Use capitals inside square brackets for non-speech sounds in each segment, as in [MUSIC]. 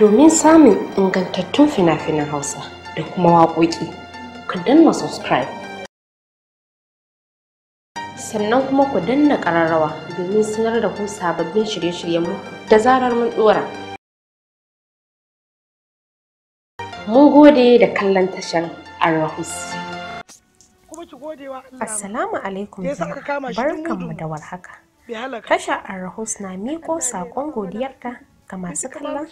domin samun ingantattun fina-finan Hausa da kuma waƙoƙi, ku danna subscribe. Sannan kuma ku danna ƙararrawa domin sanar da ku sababbin shirye-shiryenmu da zarar mun ɗora. Mun gode da kallon tashar Arahus. Assalamu alaikum barkanmu da warhaka. Tasha Arahus na miko saƙon godiyarta kamar masu kallon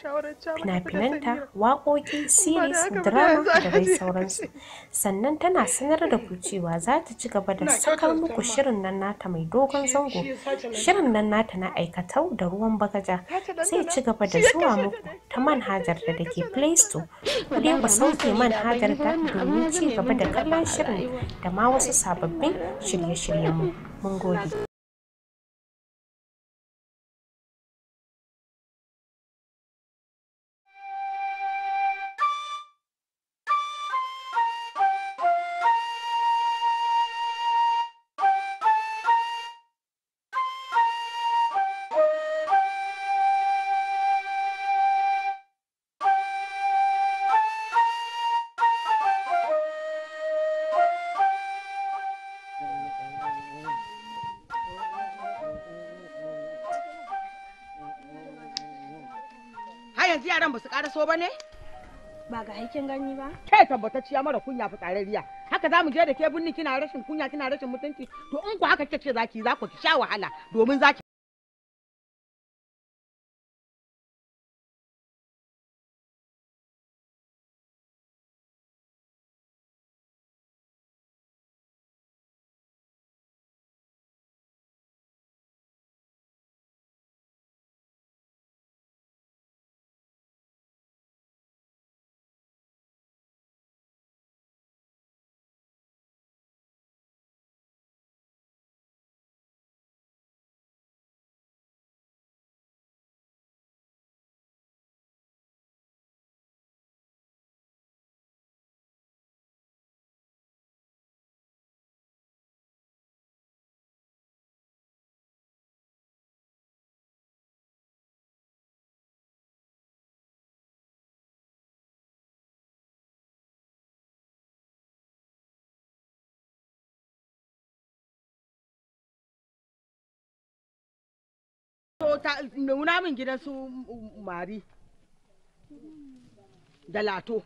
fina-finanta waƙoƙi series drama da dai sauransu sannan tana sanar da ku cewa za ta ci gaba da sakar muku shirin nan nata mai dogon zango shirin nan nata na aikatau da ruwan bagaja sai ci gaba da zuwa muku ta manhajar da dake play store ku dai sauke manhajar ta domin ci gaba da kallon shirin da ma wasu sababbin shirye-shiryenmu mun gode so ba ne? Ba ga haikin gani ba. Kai ciya mara kunya fitsararriya. Haka za mu je da ke binni kina rashin kunya kina rashin mutunci. To in ku haka kike ce zaki za ku sha wahala domin zaki to nuna min gidan su mari da lato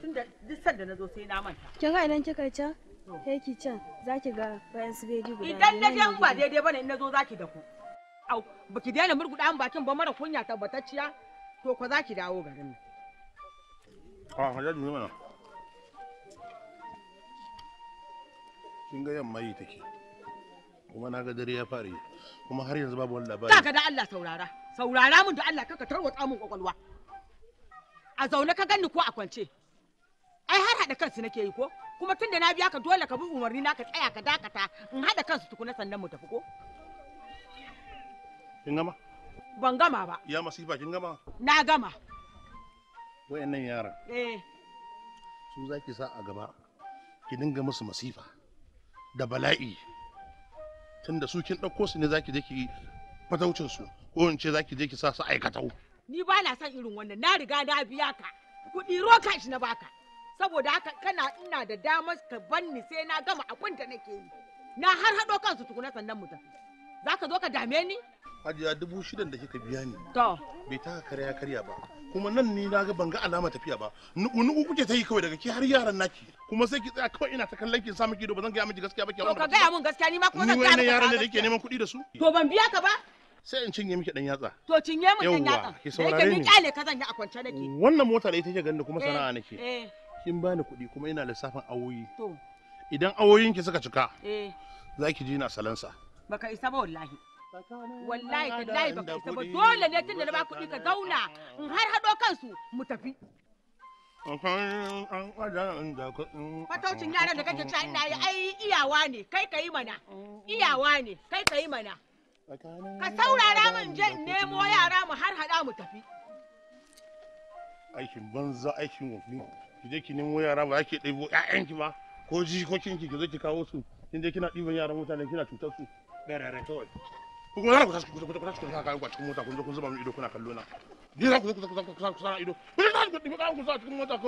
tunda duk na zo sai na manta kin ga idan kika can kai ki can zaki ga bayan su beji guda idan na je ba daidai bane in nazo zo zaki da ku au baki daina murguda bakin ba mara kunya tabbatacciya to ko zaki dawo garin nan ah, a hajjaji ne mana kin ga yamma yi take kuma na ga dare ya fara kuma har yanzu babu wani labari kaga da Allah saurara saurara mun da Allah kaka tarwatsa mun kwakwalwa a zaune ka ganni ko a kwance ai har hada kansu nake yi ko kuma tunda na biya ka dole ka bi umarni na ka tsaya ka dakata in hada kansu tukuna sannan mu tafi ko kin gama ban gama ba ya masifa kin gama na gama wayannan yara eh su zaki sa a gaba ki dinga musu masifa da bala'i tunda su kin ɗauko su ne zaki je ki fataucin su ko in ce zaki je ki sa su aikatau ni ba na son irin wannan na riga na biya ka kuɗi roka shi na baka saboda haka kana ina da damar ka banni sai na gama abin da nake yi na har haɗo kansu tukuna sannan mu tafi za ka zo ka dame ni hajiya dubu shidan da kika biya ni to bai taka karya karya ba kuma nan ni na ga banga alama tafiya ba nuku nuku kuke ta yi kawai daga ke har yaran naki kuma sai ki tsaya kawai ina ta kallon ki sa miki ido ba zan gaya miki gaskiya ba wannan. to ka gaya mun gaskiya ni ma kuma zan gaya miki yaran da yake neman kuɗi da su to ban biya ka ba sai in cinye miki dan yatsa to cinye min dan yatsa ki saurare ni kyale ka zan yi a kwance nake wannan mota da ita ke ganin kuma eh, sana'a nake eh. kin bani kuɗi kuma ina lissafin awoyi idan awoyinki suka cika eh. za ki ji na salansa Baka isa ba wallahi. Wallahi tallahi baka isa ba dole ne tun da na ba kuɗi ka zauna in har haɗo kansu mu tafi. fatocin yaran da kake cewa ina yi ai iyawa ne kai ka yi mana iyawa ne kai ka yi mana. Ka saurara min je in nemo yara mu har haɗa mu tafi. Aikin banza aikin wofi Ki je ki nemo yara ba ake ɗebo 'ya'yanki ba ko jikokinki ki zo ki kawo su. Kin je kina ɗiban yaran mutane kina cutar su. Rare rare. da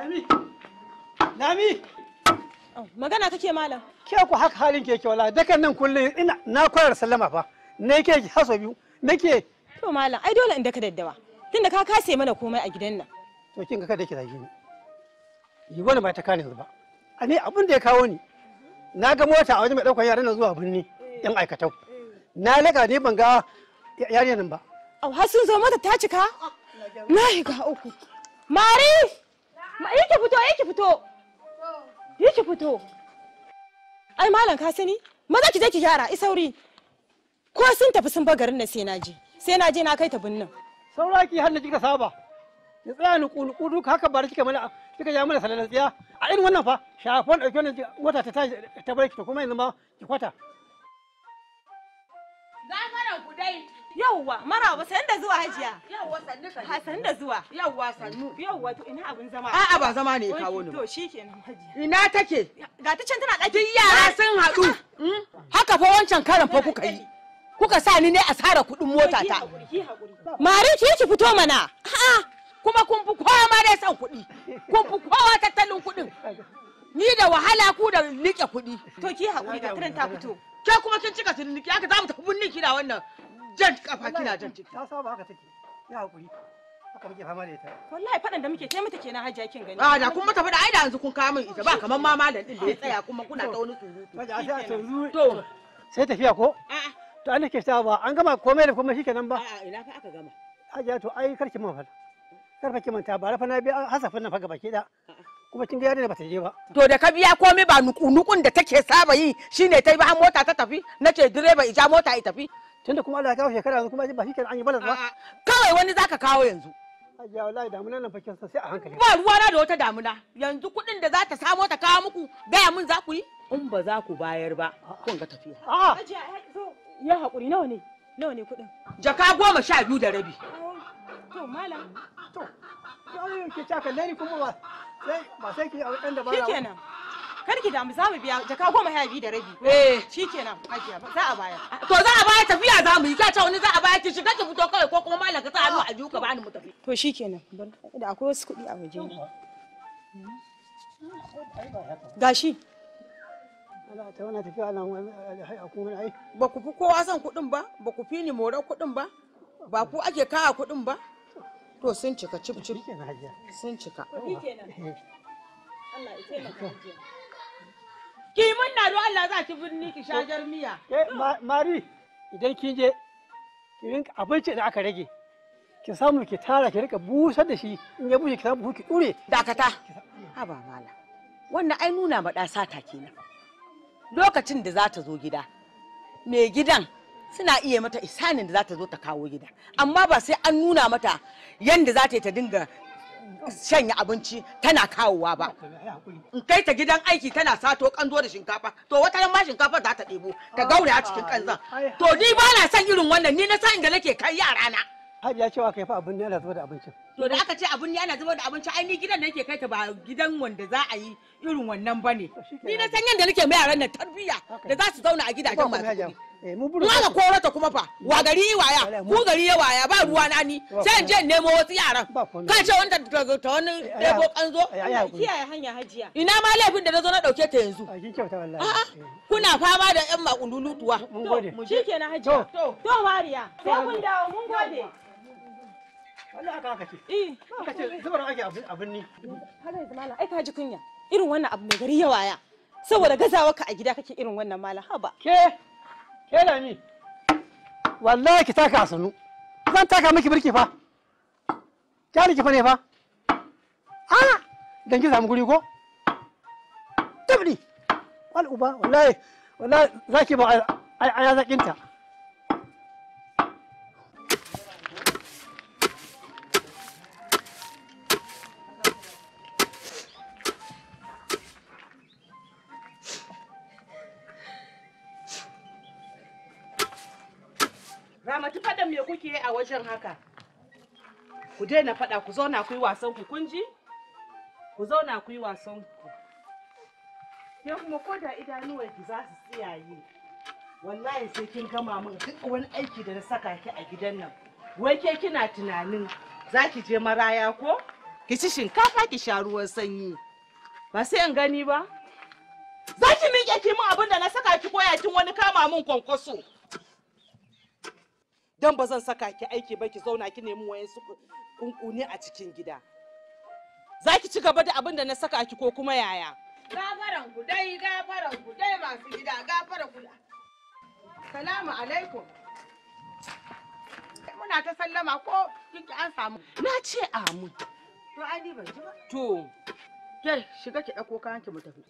Nami! Nami! Oh, magana kake malam ke ku haka halin ke ke wallahi dakan nan kullun ina na koyar sallama fa ne ke haso biyu nake to malam ai dole in daka daddawa tunda ka kase mana komai a gidan nan to kin ga kada ke zagi ni yi wani ba ta kane ba a ne abin da ya kawo ni na ga mota a wajen mai daukar yaran zuwa birni yan aikatau na laka ne ban ga yarinya nan ba au har sun zo mata ta cika na ga uku mari Ma yake fito yake fito yake fito. Ai malam ka sani? Maza ki je ki gyara, isauri. Ko sun tafi sun garin na sai na je. Sai na je na kai ta binnin. Saura ki hannu kika saba. Ki tsaya ni duka haka bar kika mana kika ja mana salalan tsiya. A irin wannan fa shafon dauke wannan wata ta ta bar ki to kuma yanzu ma ki kwata. Yawwa, maraba san da zuwa hajiya. Yawwa sannu da zuwa. Yawwa sanu Yawwa to ina abin zama. A'a ba zama ne ya kawo ni. To shikenan hajiya. Ina take? Ga ta can tana ɗaki. Duk yara ah! sun haɗu. Hmm? Haka fa wancan karan fa kuka yi. Kuka sa ni ne asara kuɗin mota ta. Mari ki ki fito mana. Kuma kun fi kowa ma dai san kuɗi. Kun fi kowa tattalin kuɗin. Ni da wahala ku da liƙe kuɗi. To ki haƙuri ga tiran ta fito. Ke kuma kin cika ki? haka za mu tafi binnin da wannan jan kafa kina jan ciki. Ta saba haka take. hakuri. Haka muke fama da ita. Wallahi fadan da muke kai mata kenan hajiya kin gani. Ah da kun mata fada ai da yanzu kun kawo min ita ba kamar ma malam din da ya tsaya kuma kuna ta wani surutu. sai To sai tafiya ko? A'a. To an ba an gama komai da komai shikenan ba. A'a ina fa aka gama. Hajiya to ai karki mun fada. Karfa ki manta bara fa na bi hasafin nan fa gaba ki da. kuma kin ga yarinya bata je ba to da ka biya komai ba nuku nukun da take saba yi shine ta yi ba mota ta tafi nace direba ija mota ya tafi tunda kuma Allah ya kawo shekara yanzu kuma ba shi an yi balas ba kawai wani zaka kawo yanzu Hajiya wallahi damuna nan fakin sai a hankali ba ruwa na da wata damuna yanzu kuɗin da za ta samo ta kawo muku gaya mun za ku yi in ba za ku bayar ba kun ga tafiya a'a eh, ya hakuri nawa ne nawa ne kuɗin jaka goma sha biyu da rabi to malam to ke caka lani kuma ba sai ba sai ki a ɗan dabara shikenan kar ki damu za mu biya jaka goma sha biyu da rabi eh shikenan hajiya za a baya to za a baya tafiya za mu yi ka ce wani za a baya ki shiga ki fito kawai ko kuma malam ka sa hannu a juka bani mu tafi to shikenan da akwai wasu kuɗi a waje hmm? gashi ta wani tafiya ana wani ba ku fi kowa son kuɗin ba ba ku fi ni more kuɗin ba ba ku ake kawo kuɗin ba to sun cika cif cif sun cika eh. Allah ya taimaka Ki munna don Allah za ki birni ki shajar miya. Eh, Mari idan kin je ki rinka abinci da aka rage. Ki samu ki tara ki rika busar da shi in ya bushe ki samu ki dure. Dakata. Haba mala. Wannan ai nuna ma sata kenan. Lokacin da za ta zo gida, mai gidan suna iya mata isanin da za ta zo ta kawo gida amma ba sai an nuna mata yadda za ta yi ta dinga shanya abinci tana kawowa ba in kai ta gidan aiki tana sato kanzo da shinkafa to wata ran ma shinkafa za ta ɗebo ta ah, gaure a cikin kanzan to ni ba na son irin wannan ni na san inda nake kai yara na ce cewa kai fa abin ne ana zuba da abincin. To da aka ce abin ne ana zuba da abincin ai ni gidan da nake kai ta ba gidan wanda za a yi irin wannan bane. Ni na san yadda nake mai yaran nan tarbiyya da za su zauna a gidajen masu kuɗi. Eh, Wala korata kuma fa wagari yi waya mu gari ya waya ba ruwa na ni sai in je nemo wasu yaran ka ce wanda ta wani eh, ɗebo kanzo kiyaye hanya hajiya ina ma laifin da na zo na ɗauke ta yanzu a'a eh. kuna fama da yan makundulutuwa to shikenan hajiya to wariya sai kun dawo mun gode Wani haka haka ce. Eh. Haka ce zubar ake abin ni. Hada da mala ai ka ji kunya. Irin wannan abu mai gari ya waya. Saboda gazawa ka a gida kake irin wannan mala haba. Ke Ke da mi? Wallahi ki taka sanu. Zan taka miki birki fa. Jari ki fa ne fa. Ha! Dan ki samu guri ko? Tabdi. Wal uba wallahi wallahi zaki ba ai ai zakinta. jin haka ku daina faɗa ku zauna ku yi wasan ku kun ku zauna ku yi wasan ku ke kuma ko da idanuwar ki za su tsiyaye wallahi sai kin gama min duk wani aiki da na saka ki a gidan nan wai ke kina tunanin za ki je maraya ko ki ci shinkafa ki sha ruwan sanyi ba sai in gani ba za ki miƙe ki min abin da na saka ki koya kin wani kama min kwankwaso dan ba zan saka ki aiki ba ki zauna ki nemi wayansu kunkuni a cikin gida za ki ci gaba da abin da na saka ki ko kuma yaya gafaran ku dai gafaran ku dai masu gida gafaran ku salamu alaikum muna ta sallama ko ki an samu na ce amu to ai ni ban ji ba to ke shiga ki dauko kayan ki mu tafi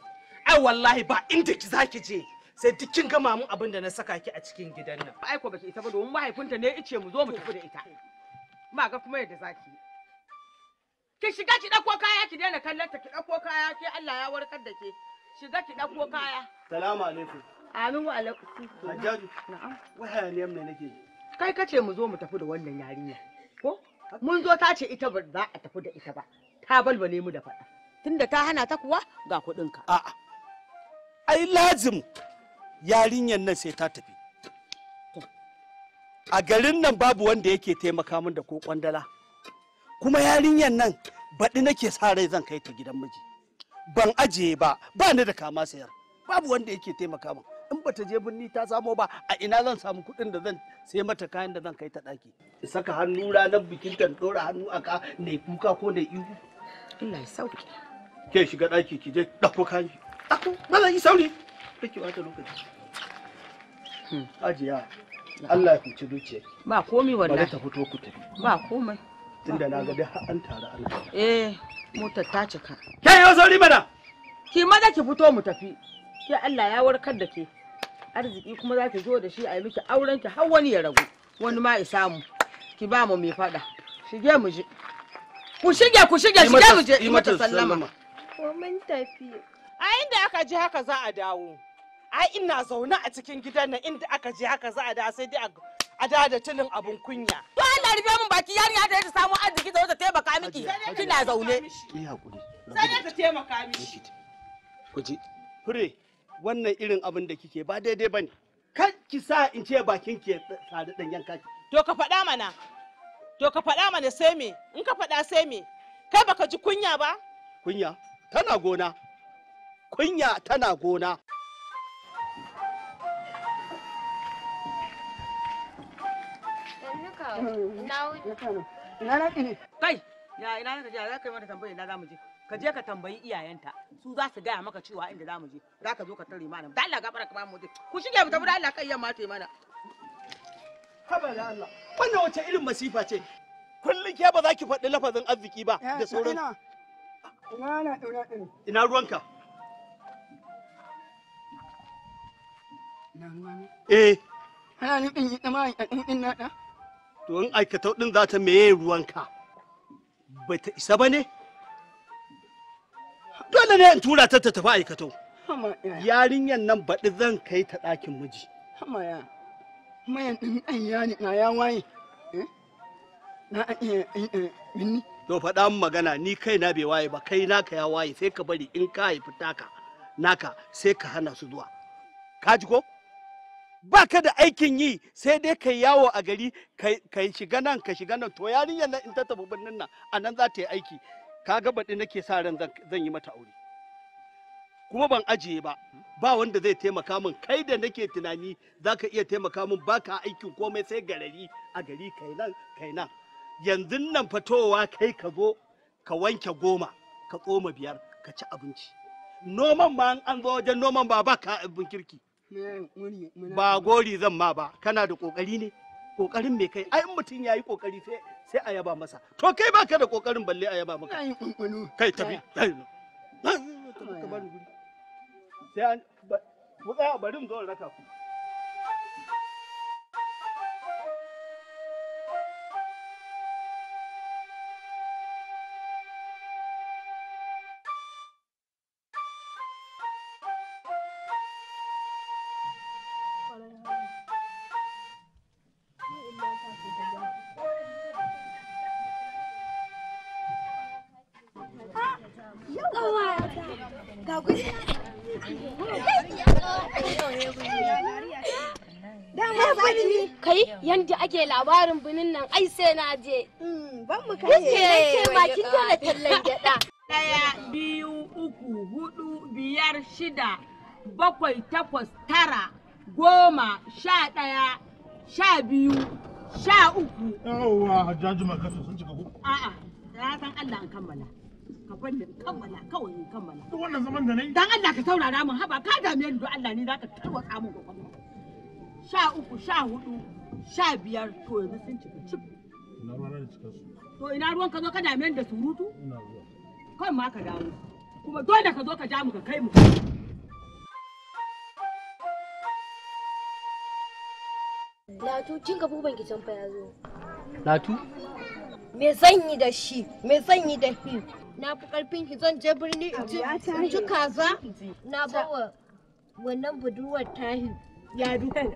ai wallahi ba inda ki zaki je sai duk kin gama mun abin da na saka ki a cikin gidan nan ai ko baki ita ba domin mahaifinta ne ce mu zo mu tafi da ita ma ga kuma yadda zaki ki shiga ki dauko kaya ki daina kallon ta ki dauko kaya ke Allah ya warkar da ke shiga ki dauko kaya salamu alaikum amin wa alaikum hajjaju na'am waya ne yamma nake kai kace mu zo mu tafi da wannan yarinya ko mun zo ta ce ita ba za a tafi da ita ba ta balbale mu da faɗa tunda ta hana ta kuwa ga kuɗinka a'a ai lazim yarinyar nan sai ta tafi a garin nan babu wanda yake taimaka min da ko kwandala kuma yarinyar nan baɗi nake sa rai zan kai ta gidan miji ban ajiye ba ba ni da kama sayar babu wanda yake taimaka min in bata je birni ta samo ba a ina zan samu kuɗin da zan sai mata kayan da zan kai ta ɗaki saka hannu ranar bikin kan ɗora hannu a ka na kuka ko na ihu Allah ya sauke ke shiga ɗaki ki je ɗauko kayan ki ɗauko ba zan yi sauri kake bata lokaci hmm. ajiya Allah ya fice zuciya ba komai wallahi ba ta fito ku tafi ba komai tunda na ga duk an tare ana eh motar ta cika ke yau sauri mana ki maza ki fito mu tafi ke Allah ya warkar da ke arziki kuma za ki zo da shi a yi miki auren ki har wani ya ragu wani ma ya samu ki ba mu mai fada shige mu je ku shige ku shige shige mu je yi mata sallama mun tafi a inda aka ji haka za a dawo a ina zaune a cikin gidan nan inda aka ji haka za a dawo sai dai a dawo da tunin abun kunya to Allah rufe mun baki ya da ta samu arziki da wata taimaka miki kina zaune ki hakuri sai ta taimaka miki ji fure wannan irin abin da kike ba daidai bane kar ki sa in ce bakin ki sadu dan yanka to ka faɗa mana to ka faɗa mana sai me in ka faɗa sai me kai baka ji kunya ba kunya tana gona kunya tana gona kai ya ina ka je za ka yi mata tambayi na zamu je ka je ka tambayi iyayenta su za su gaya maka cewa inda zamu je za ka zo ka tare mana da Allah gafara ka ba mu je ku shige mu tafi da Allah kai yamma ta mana haba da Allah wannan wace irin masifa ce kullum ke ba za ki faɗi lafazin arziki ba da sauran ina ruwanka eh ana ni in yi dama in in nada to in aikatau ɗin za ta meye ruwanka bai ta isa ba ne dole ne in tura ta ta tafi aikatau yarinyan nan baɗi zan kai ta ɗakin miji hamaya mayan ɗin ɗanya ne na ya waye eh? na minni eh, eh, to faɗa min magana ni kai na bai waye ba kai naka ya waye sai ka bari in ka haifi taka naka sai ka hana su zuwa ka ji ko ba ka da aikin yi sai dai ka yawo a gari ka shiga nan ka shiga nan to yarinyar nan in ta tafi birnin nan a nan za ta yi aiki ka ga baɗi nake sa ran zan yi mata aure kuma ban ajiye ba ba wanda zai taimaka min kai da nake tunani za ka iya taimaka min ba ka aikin komai sai garari a gari kai nan kai nan yanzu nan fitowa kai ka zo ka wanke goma ka tsoma biyar ka ci abinci noman ma an zo wajen noman ba ba ka abin kirki ba gori zan ma ba kana da kokari ne kokarin me kai ai in mutum yayi kokari sai sai a yaba masa to kai baka da kokarin balle a yaba maka kai tafi sai an ba mu raka ku kai yanda ake labarin binin nan ai sai na je ban mu kai ke bakin tana tallan gyada daya biyu uku hudu biyar shida bakwai takwas tara goma sha daya sha biyu sha uku yawwa hajjaji makasa sun cika ku a'a ya san Allah an kammala bar ni kammala kawai ni kammala duk wannan zaman da nayi dan Allah ka saurara min haba ka dame ni don Allah ne zaka tarwatsa min gwagwarma sha uku sha hudu sha biyar to yanzu sun cika ina ruwan da cika su to ina ruwan ka zo ka dame ni da surutu ina zuwa kai ma ka dawo kuma dole ka zo ka ja mu ka kai mu Latu, ka buban fa ya zo. Latu? Me zan yi da shi? Me zan yi da shi? na fi karfin ki zan je birni in ji kaza na bawa wannan budurwar tahi ya duku [LAUGHS]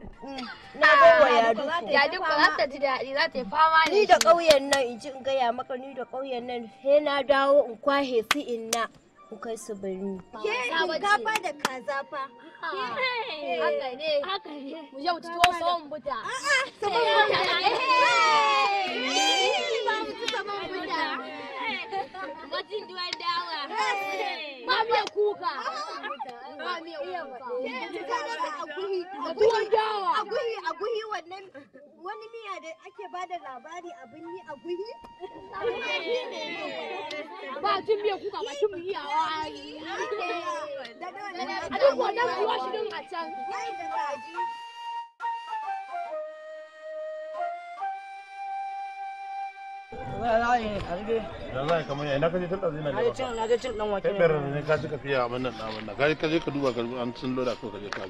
na bawa ya duku ya duku za ta ji daɗi za ta yi fama ni da ƙauyen nan in ji in gaya maka ni da ƙauyen nan sai na dawo in kwahe su inna ku kai su birni ke da kaza fa haka ne haka ne mu yau ci buta a'a buta eh. ne eh. eh. ba mu ci buta Gwajin duwan dawa. Ba kuka. Ba kuka. wannan wani miya da ake ba da labari abin ni aguhi. Ba kuka ba miya wa. A duk wannan kuwa shi din a can. da za kaje na ne ka cika fiye a wannan na kaje ka duba ka loda ko kaje ka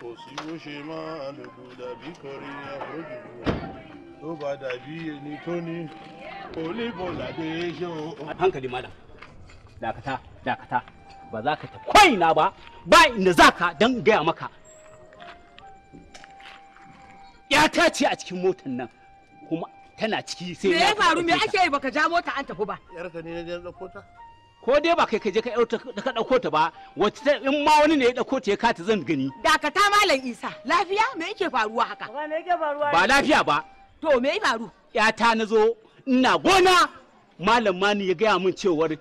ya to ba da biye ni ni hankali malam dakata dakata ba za ka ta koina ba ba inda za ka don gaya maka ya ta ce a cikin motan nan kuma tana ciki sai ya faru me ake yi baka ja mota an tafi ba yar ka ne ne dauko ta ko dai ba kai ka je ka ka dauko ta ba wacce in ma wani ne ya dauko ta ya kata zan gani dakata malam isa lafiya me yake faruwa haka ba lafiya ba to me ya faru yata na zo ina gona malam mani ya gaya min cewar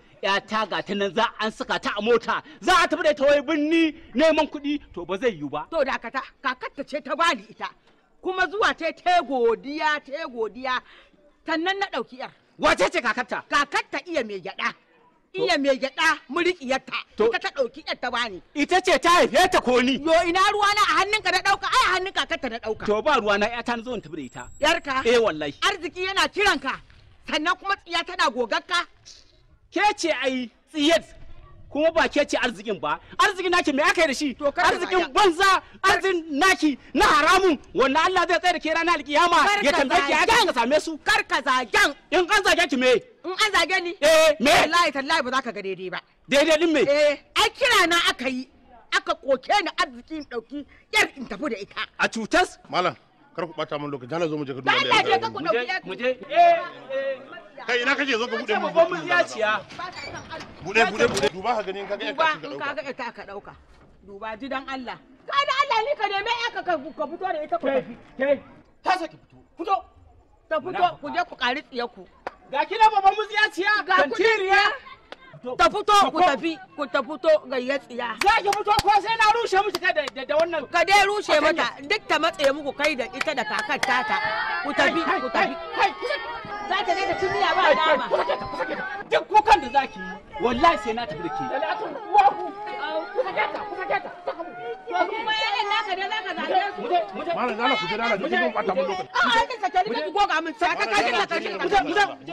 ta ga ta nan za an saka ta a mota za a tafi da ta wai binni neman kuɗi to ba zai yiwu ba to dakata kakarta ce ta bani ita kuma zuwa ta ta godiya ta godiya sannan na ɗauki yar wace ce kakatta kakatta iya mai gyaɗa iya mai gyaɗa murikiyarta ita ta ɗauki yar ta bani ita ce ta haife ta ko ni yo ina ruwana a hannunka na ɗauka ai a hannun kakatta na ɗauka to ba ruwana ya ta zo in tafi da ita yarka eh wallahi arziki yana kiranka sannan kuma tsiya tana gogakka ke ce ai tsiyar kuma ba ke ce arzikin ba arzikin naki me aka yi da shi arzikin banza arzikin naki na haramun wanda Allah zai tsaye da ke ranar alkiyama ya tambaye ki aka same su karka zagen in an zage ki me in an zage ni eh me wallahi tallahi ba za ka ga daidai ba daidai din me eh ai kira na aka yi aka koke ni arziki in dauki yar in tafi da ita a cutas malam kar ku bata min lokaci jana zo mu je ka duba da yadda mu je mu je eh, eh. kai ina kaje zo ka bude mu ba mu ziyaciya bude bude bude duba ka gani kaga ka dauka duba kaga ita ka dauka duba ji dan Allah kai da Allah ni ka neme ka ka fito da ita ku tafi kai ta saki fito fito ta fito ku je ku kari tsiye ku ga kina baban mutsiyaciya ga kutiriya ta fito ku tafi ku ta fito gayya tsiya za ki fito ko sai na rushe miki kai da wannan ka dai rushe mata duk ta matse muku kai da ita da kakar tata ku tafi ku tafi Za ta ne da ba nama. Duk kukan da zaki. wallahi sai na tafi da ke. na A'a kin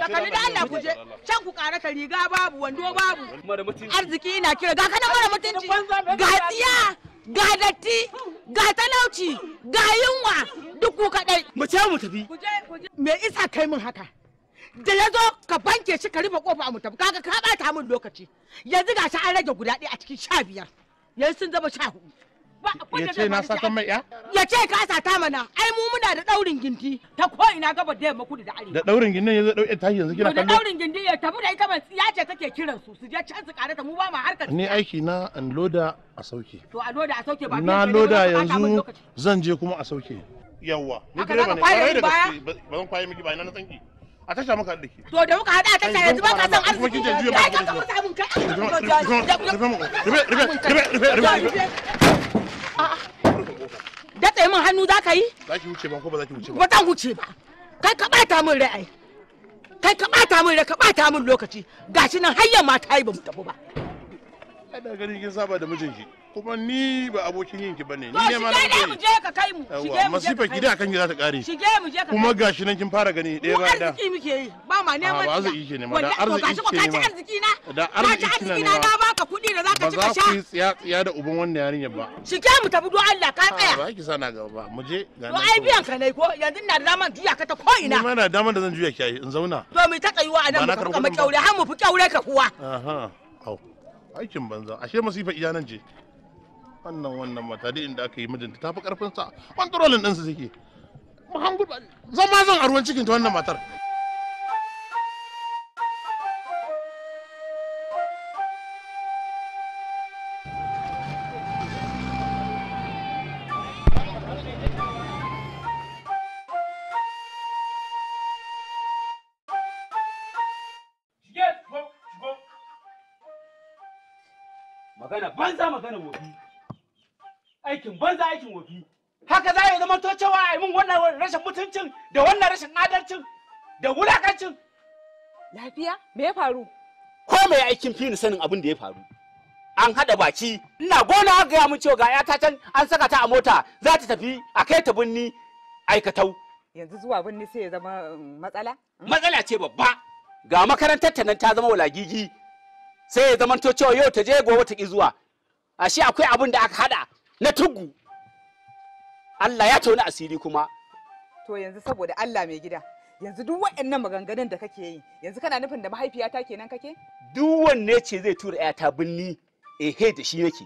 da da Can ku ƙara ta riga babu wando babu. Arziki ina kira ga kana mara mutunci. Ga tsiya. Ga datti. Ga talauci. Ga yunwa. Duk ku kadai. Mu ce mu tafi. Me isa kai min haka? da ya zo ka banke shi ka rufe kofa a mutum kaga ka bata min lokaci yanzu ga shi an rage guda ɗaya a cikin sha biyar yanzu sun zama sha hudu ya ce na satan mai ya? ya ce ka ta mana ai mu muna da daurin gindi ta ko ina gaba da yamma kudu da arewa da daurin gindin ya zo dauke ta yanzu kina kallo da daurin gindi ya tafi da ita ba tsiya ce take kiran su su je can su ta mu ba ma harkar ni aiki na an loda a sauke to a loda a sauke ba na loda yanzu zan je kuma a sauke yawwa ni direba ne ba zan kwaye miki ba ina na tsanki a tasha muka haɗe ki. To da muka hada a tasha yanzu ba ka san arziki. Ya ka ka mutu kai. Rufe rufe rufe rufe rufe. Datse min hannu za ka yi? Za ki wuce ba ko ba za ki wuce ba? Ba zan ba. Kai ka ɓata min rai Kai ka ɓata min rai ka ɓata min lokaci. Gashi nan har yamma ta yi ba mu tafi ba. Kada gani kin saba da mijinki. Kuma ni ba abokin yinki bane. Ni ne ma na kai. mu je ka kai mu. Shige mu je. ka Masifa gida kan gida ta kare. Shige mu je ka. Kuma gashi nan kin fara gani dai ba da. Arziki muke yi. Ba ma neman. Ba arziki ke nema. Da arziki ke nema. arziki na. Da arziki ke nema. Na baka kuɗi da zaka ci ka sha. Ba za ku yi tsiya tsiya da uban wannan yarinyar ba. Shige mu tafi do Allah ka tsaya. Ba ki sana ga ba. Mu je. ga To ai biyan ka ne ko yanzu na da daman juya ka ta ko ina. Ni ma na daman da zan juya ki ai in zauna. To mu ta kaiwa a nan mu ka maƙyaure har mu fi ƙyaure ka kuwa. Aha. Au. aikin banza ashe masifa iya nan je wannan wannan mata da inda aka yi mijinta tafi karfin sa kontrolin ɗinsa suke zama zan a ruwan cikin ta wannan matar maganar wofi aikin banza aikin wofi haka za ya zama to cewa a min wannan rashin mutuncin da wannan rashin adalcin da wulakancin lafiya me ya faru ko mai aikin fini sanin abin da ya faru an haɗa baki ina gona gaya mun cewa ga ta can an saka ta a mota za ta tafi a kai ta binni aikatau yanzu zuwa birni sai ya zama um, matsala? Hmm? Matsala ce babba ga makarantar ta nan ta zama walagigi sai ya zama to cewa yau ta je gobe ta ki zuwa ashe akwai abin da aka hada na tugu Allah ya tona asiri kuma to yanzu saboda Allah mai gida yanzu duk waɗannan maganganun da kake yi yanzu kana nufin da mahaifiyata kenan kake duk wanne ce zai tura ta binni ehe eh, da shi nake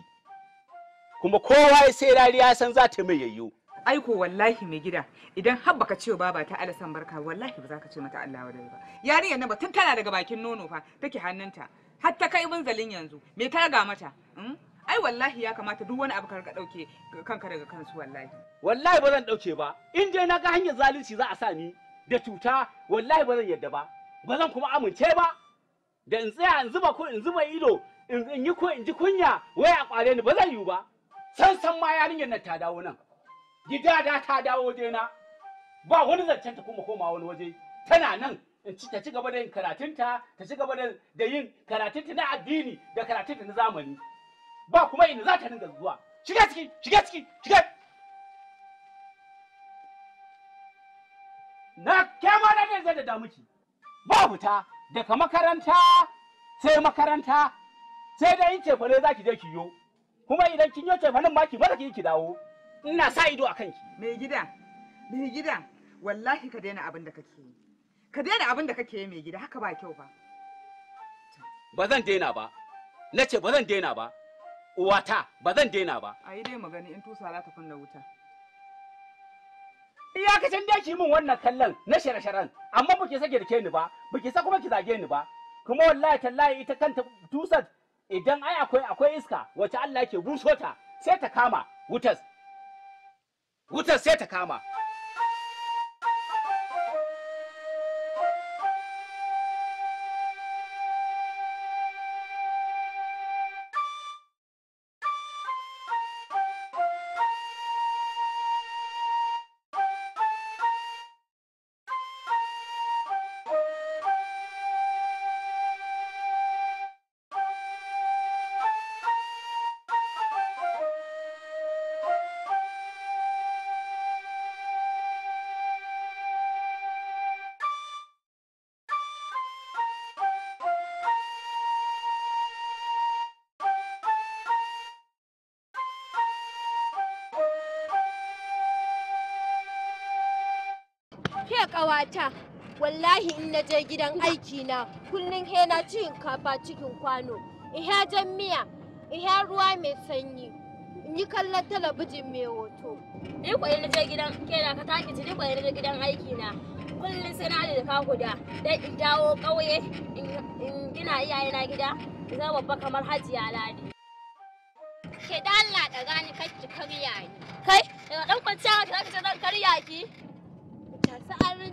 kuma kowa ya sai rariya san za ta mai yayyo aiko wallahi mai gida idan har baka ce baba ta alasan barka wallahi ba za ka ce mata Allah wadai ba yarinyar nan ba tun tana daga bakin nono fa take hannunta har ta kai zalin yanzu me ka raga mata hmm? ai wallahi ya kamata duk wani abu ka dauke kanka daga kansu wallahi wallahi ba zan dauke ba in dai na ga hanyar zalunci za a sa ni da cuta wallahi ba zan yadda ba ba zan kuma amince ba da in tsaya in zuba ko in zuba ido in yi ko in ji kunya wai a kware ni ba zan yiwu ba san san ma yarinyar nan ta dawo nan gida da ta dawo dai na ba wani zancen ta kuma koma wani waje tana nan ta ci gaba da yin karatunta ta ci gaba da yin karatunta na addini da karatunta na zamani ba kuma ina za ta dinga zuwa shiga ciki shiga ciki shiga na kyama na ne zai da damuki ba fita daga makaranta sai makaranta sai dai in cefane za ki je ki yo kuma idan kin yo cefanin ma ki maza ki ki dawo ina sa ido a kanki mai gida mai gida wallahi ka daina abin da kake yi ka daina abin da kake yi mai gida haka ba kyau ba ba zan daina ba na ce ba zan daina ba uwata ba zan daina ba a yi dai magani in tusa za ta kunna wuta ki min wannan kallon na shara-sharan amma ba ki sake da ni ba ba sa kuma ki zage ni ba kuma wallahi tallahi ita kanta tusar idan ai akwai akwai iska wacce Allah yake buso ta sai ta kama wutas wutas sai ta kama ya kawata wallahi in na je gidan aiki na kullum he na cin kafa cikin kwano. ha jan miya, ha ruwa mai sanyi. In yi kallon talabijin mai hoto. Ni kwaye na je gidan na ka take ci ni kwaye na je gidan aiki na. Kullum sai na da ka guda dan in dawo ƙauye in gina iyayena gida. Zama babba kamar Hajiya Ladi. Ke da Allah da gani kai ki karya ni. Kai, daga ɗan kwanciya ka zaka ce zan karya ki?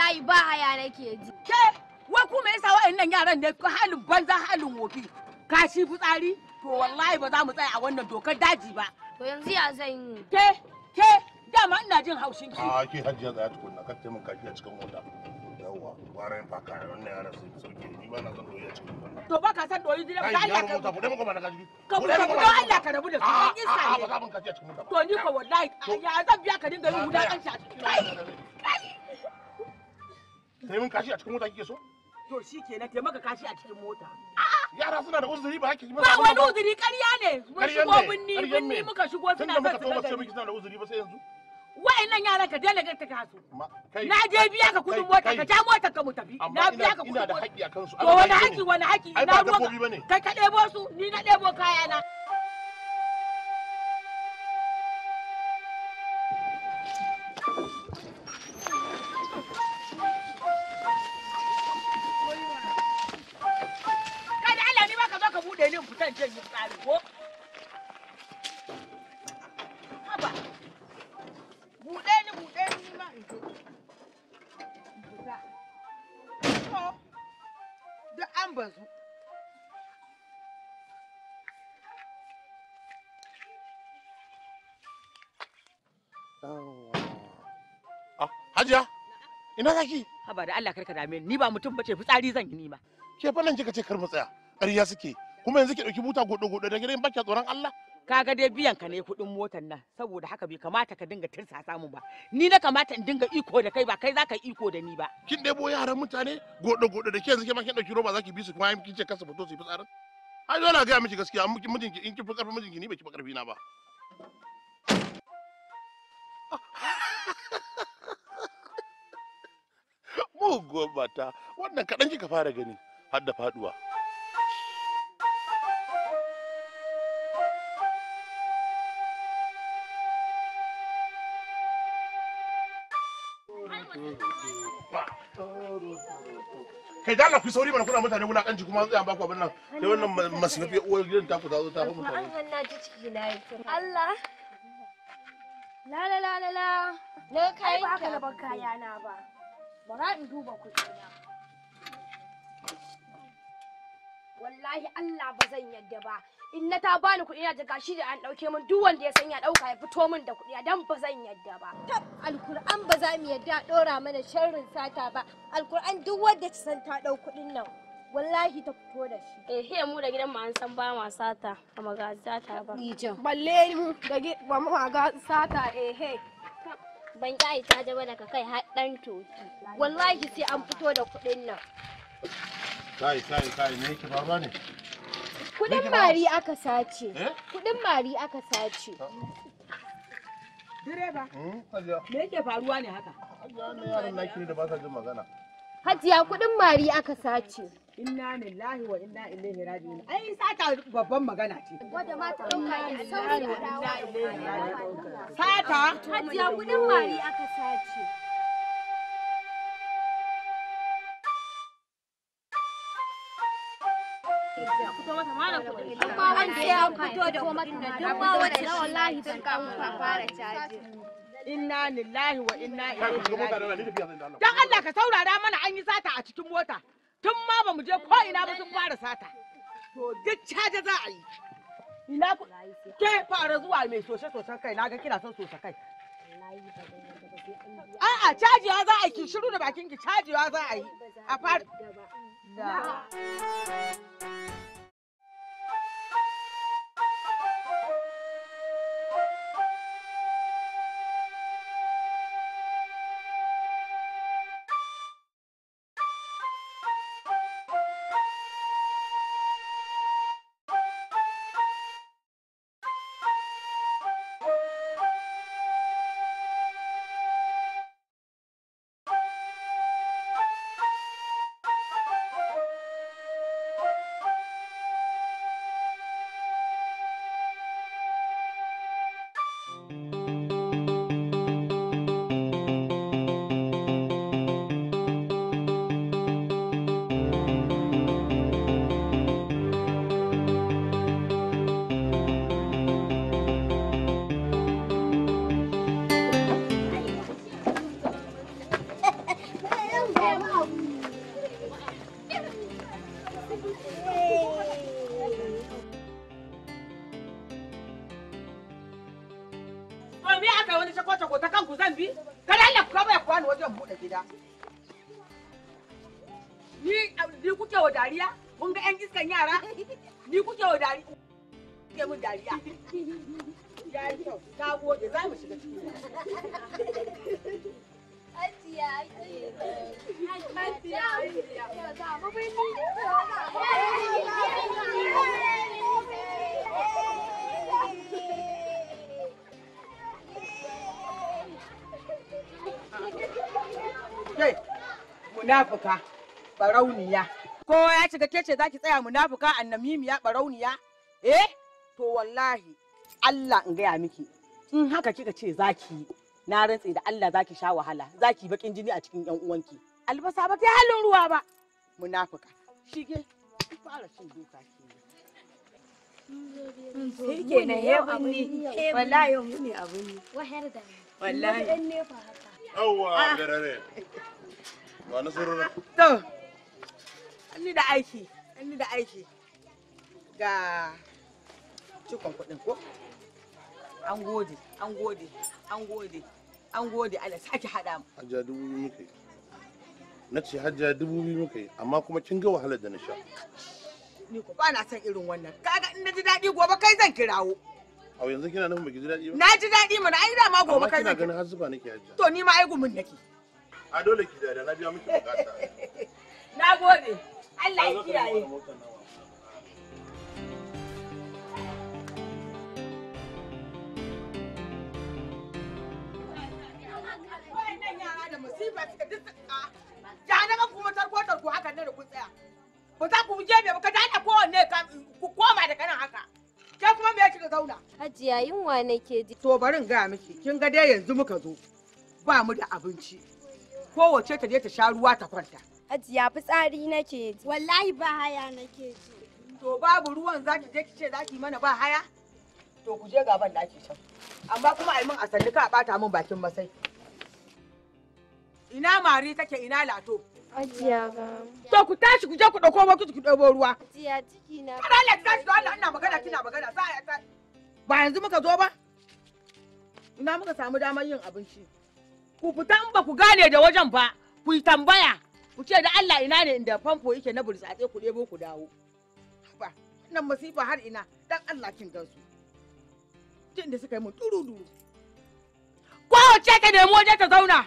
wallahi ba haya nake ji ke wa ku me yasa wa'annan yaran ne halin banza halin wofi kashi fitsari to wallahi ba za mu tsaya a wannan dokar daji ba to yanzu ya zan yi ke ke dama ina jin haushin ki a ke hajiya tsaya tukunna kar taimun kaki a cikin mota yawwa gwara yin faka a wannan yaran sun sauke ni ba na son doyi a cikin mota to ba ka san doyi direba da Allah ka mota bude maka ba na kaji ka bude maka ba Allah ka rabu da su an iska ne ba za mun kaji a cikin mota to ni ko wallahi ya zan biya ka dinga yin wulakanci a cikin kai Sai mun kashi a cikin mota kike so? To shikenan kenan kai maka kashi a cikin mota. Yara suna da uzuri ba kike ba. Ba wani uzuri ƙarya ne. Mun shigo binni binni muka shigo suna son su ba Tunda suna da uzuri ba sai yanzu. Wa'annan yaran ka daina ga ta su. Na je biya ka kudin mota ka ja mota ka mu tafi. Na biya ka kudin mota. Ina da haƙƙi akan su To wani haƙƙi wani haƙƙi ina ruwa. Kai ka ɗebo su ni na ɗebo kayana. in fitan jan yi tsari ko haba buɗe ni buɗe ni ma in fita to duk an bazu ah, Hajiya, ina zaki? Haba da Allah karka dame ni ba mutum bace fitsari zan yi ni ma. Ke fa nan kika ce kar mu tsaya. ƙarya suke kuma yanzu ke dauki buta godo godo da gidan baki tsoron Allah kaga dai biyan ka ne kuɗin motar nan saboda haka bai kamata ka dinga tirsa samu ba ni na kamata in dinga iko da kai ba kai zaka iko da ni ba kin debo yaran mutane godo godo da ke yanzu ke ma kin dauki roba zaki bi su kuma kin ce kasa fito su yi fitsarin ai dole ga miki gaskiya mijinki in kin fi karfin mijinki ni bai fi karfi na ba [LAUGHS] muguwar bata wannan kadan kika fara gani har da faduwa kai da Allah ku sauri mana kuna mutane kuna kanji kuma zai ba ku abin nan da wannan masnafi uwar gidan ta ku ta zo ta fa mutane Allah na ji ciki na Allah la la la la la ne kai ba ka na ban kaya na ba bara in duba ku na wallahi Allah ba zan yadda ba in na ta bani kuɗi na daga shi da an ɗauke min duk wanda ya san ya ɗauka ya fito min da kuɗi dan ba zan yadda ba tab alkur'an ba za mu yadda ɗora mana sharrin sata ba alkur'an duk wanda ci san ta ɗau kuɗin nan wallahi ta fito da shi eh he mu da gidan mu an san ba ma sata ba maga sata ba balle mu da ba mu maga sata eh he ban ƙa'ita da ba ka kai har ɗan toki wallahi sai an fito da kuɗin nan kai kai baba ne kudin mari aka sace eh? kudin mari aka sace ah. direba hmm, me yake faruwa ne haka magana Hajiya kudin mari aka sace. Inna lillahi wa inna ilaihi raji'un. Ai sata babban magana ce. ta sauri Sata Hajiya kudin mari aka sace. Duk ma na wallahi don Inna lillahi wa inna ilaihi Don Allah ka saurara mana an yi sata a cikin mota. Tun ma ba mu je ko ina ba sun fara sata. To duk caja za a yi. Ina ku ke fara zuwa mai soshe-soshen kai na ga kina son soshe kai. A'a cajiwa za a yi shiru da bakin ki cajiwa za a yi. A fara. Kai, munafuka, barauniya. Kowa ya shiga kece za ki tsaya munafuka annamimiya barauniya? Eh, to wallahi, Allah in gaya miki, in haka kika ce za ki yi, na rantse da Allah za ki sha wahala, za ki bakin jini a cikin 'yan uwanki. Albasa ba ta halin ruwa ba, munafuka. Shige, fara cin duka ke. Shi ke na yau abin ne, wallahi yau ne abin ne. Wahar da ne. Wallahi. Yawwa ah. garare. Ba na sorora. To, an ni da aiki, an ni da aiki ga cikon kuɗin ko? An gode, an gode, an gode, an gode Allah sake haɗa mu. Hajja dubu biyu muka Na ce hajja dubu biyu muke amma kuma kin ga wahalar da na sha. Ni ko ba na son irin wannan. Kaga in na ji daɗi gobe kai zan kirawo. A yanzu kina nufin baki ji daɗi ba? Na ji daɗi mana ai dama gobe kai. Amma kina ganin har zuba nake hajja. To ni ma ai gumin nake. A dole ki da na biya miki bukata. [LAUGHS] Na gode. Allah ya kiyaye. kuma haka ne da kun tsaya. Ba za ku je ba ka dada kowanne ku koma da kanan haka. ke kuma me kika zauna hajiya yunwa nake ji to barin in gaya miki kin ga dai yanzu muka zo ba mu da abinci kowace ta je ta sha ruwa ta kwanta hajiya fitsari nake ji wallahi ba haya nake ji to babu ruwan zaki je ki ce zaki mana ba haya to ku je gaban daki can amma kuma ai mun a sallika a bata min bakin masai ina mari take ina lato Ajiya ga. To ku tashi ku je ku ɗauko bokiti ku ɗebo ruwa. Ajiya ciki na. Kada Allah tashi da Allah ina magana kina magana za a ta. Ba yanzu muka zo ba? Ina muka samu damar yin abinci. Ku fita in ba ku gane da wajen ba, ku yi tambaya. Ku ce da Allah ina ne inda famfo yake na burtsatse ku ɗebo ku dawo. Ba, nan masifa har ina, dan Allah kin gansu. Jin da suka yi mun duru-duru. Kowace ta nemi waje ta zauna.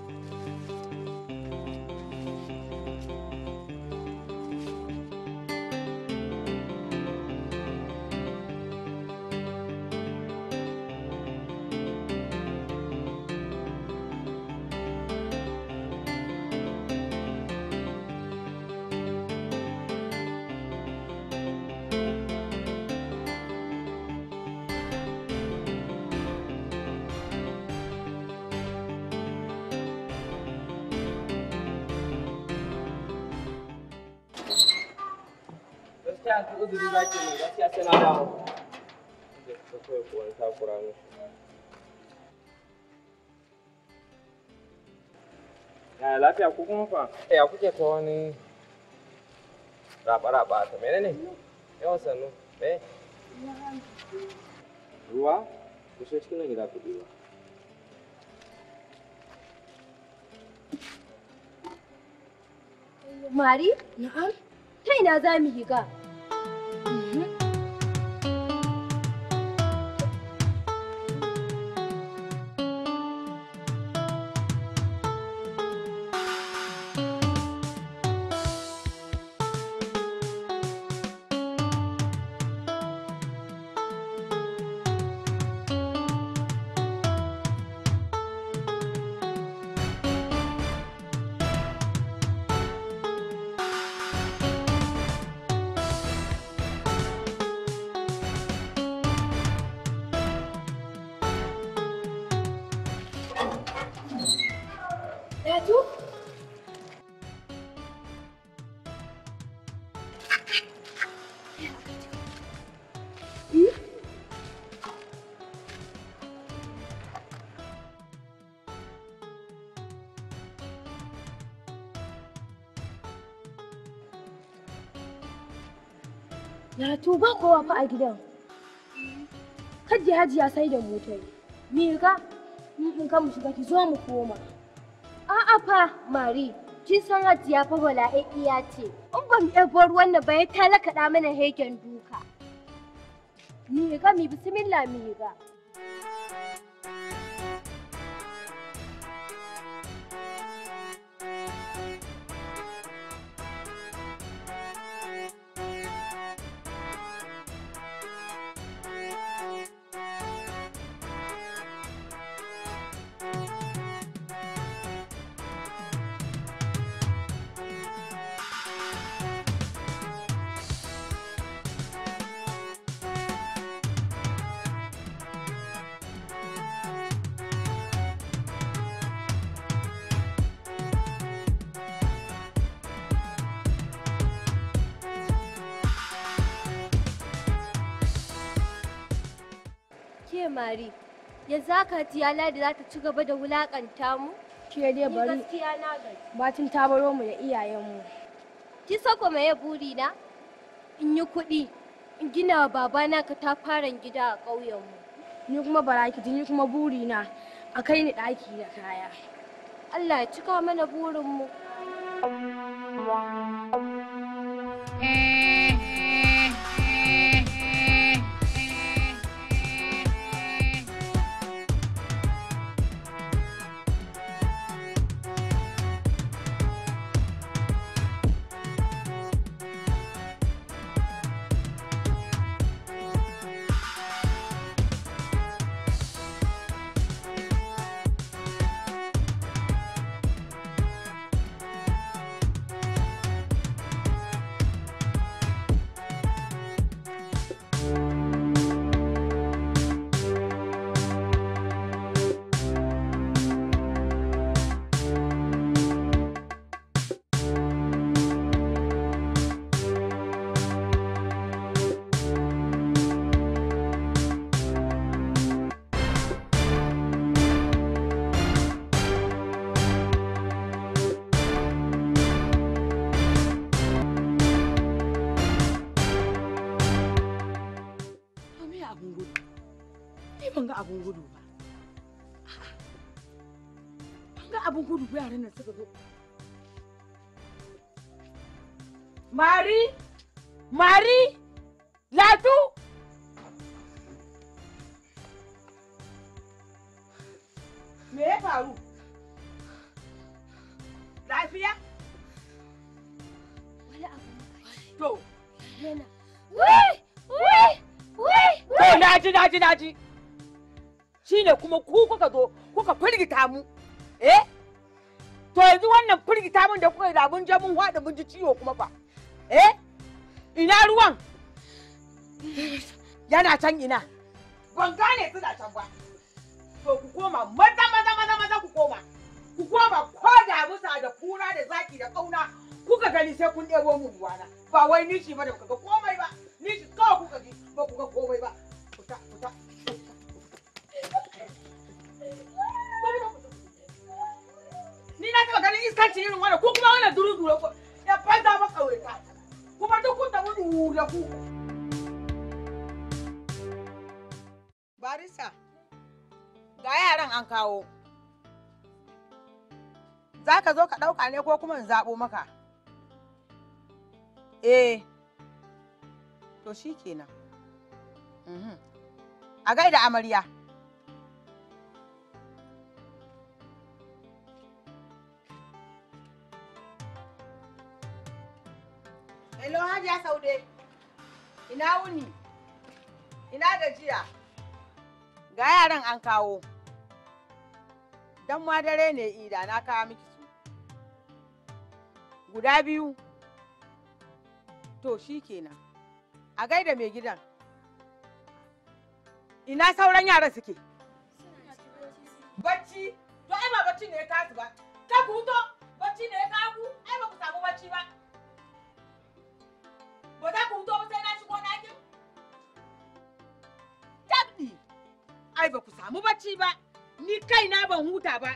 guzuri za mai gaskiya tana Yaya lafiya ko kuma fa? Ya kuke ta wani raba-raba ta Yawan sannu, me? Ruwa? cikin nan gida Mari? Na'am. Ta ina za mu higa? Karatu ba kowa fa a gidan. Kaji hajiya sai da motar. ga, in kan mu shiga ki zo mu koma. A'a fa Mari, kin san hajiya fa bala'iyya ce. In ban mu ɗabo ruwan nan ba ya da mana hegen duka. ga, mi bismillah ga. ce mari ya haka hatiya ladi za ta ci gaba da wulakanta mu ke ne bari gaskiya na gari bacin ta baro mu da iyayenmu ki sako maye buri na in yi kuɗi in gina wa babana ka ta gida a ƙauyen mu ni kuma baraki ni kuma buri na a kai ni ɗaki da kaya Allah ya cika mana burin mu. Mari, Mari, Latu. Me ya faru? Lafiya? Wani abu To. Yana. Wai! Wai! Wai! To naji naji naji. ne kuma ku kuka zo kuka firgita mu. Eh? To yanzu wannan firgita mun da kuka yi da mun je mun haɗa mun ji ciwo kuma fa. eh ina ruwan yana can ina ban gane suna can ba to ku koma maza maza maza maza ku koma ku koma ko da musa da kura da zaki da kauna kuka gani sai kun ɗebo mu ruwana ba wai nishi ba da kuka ga komai ba nishi kawai kuka ji ba kuka komai ba kuta kuta ni na taɓa ganin iskanci irin wannan ko kuma wannan duru duru ko ya fanta maka wai kuma duk kun tabu da ku barisa ga yaran an kawo za ka zo ka ɗauka ne ko kuma in zaɓo maka eh to shi kenan mhm. a gaida amarya Hello Hajiya Saude. Ina wuni? Ina gajiya? Ga yaran an kawo. Dan ma dare ne ida na kawo miki su. Guda biyu. To shi kenan. A gaida mai gidan. Ina sauran yaran suke? Bacci. To ai ma bacci ne ya tasu ba. Ta ku to bacci ne ya kawo ai ba ku samu bacci ba. samu bacci ba ni kaina ban huta ba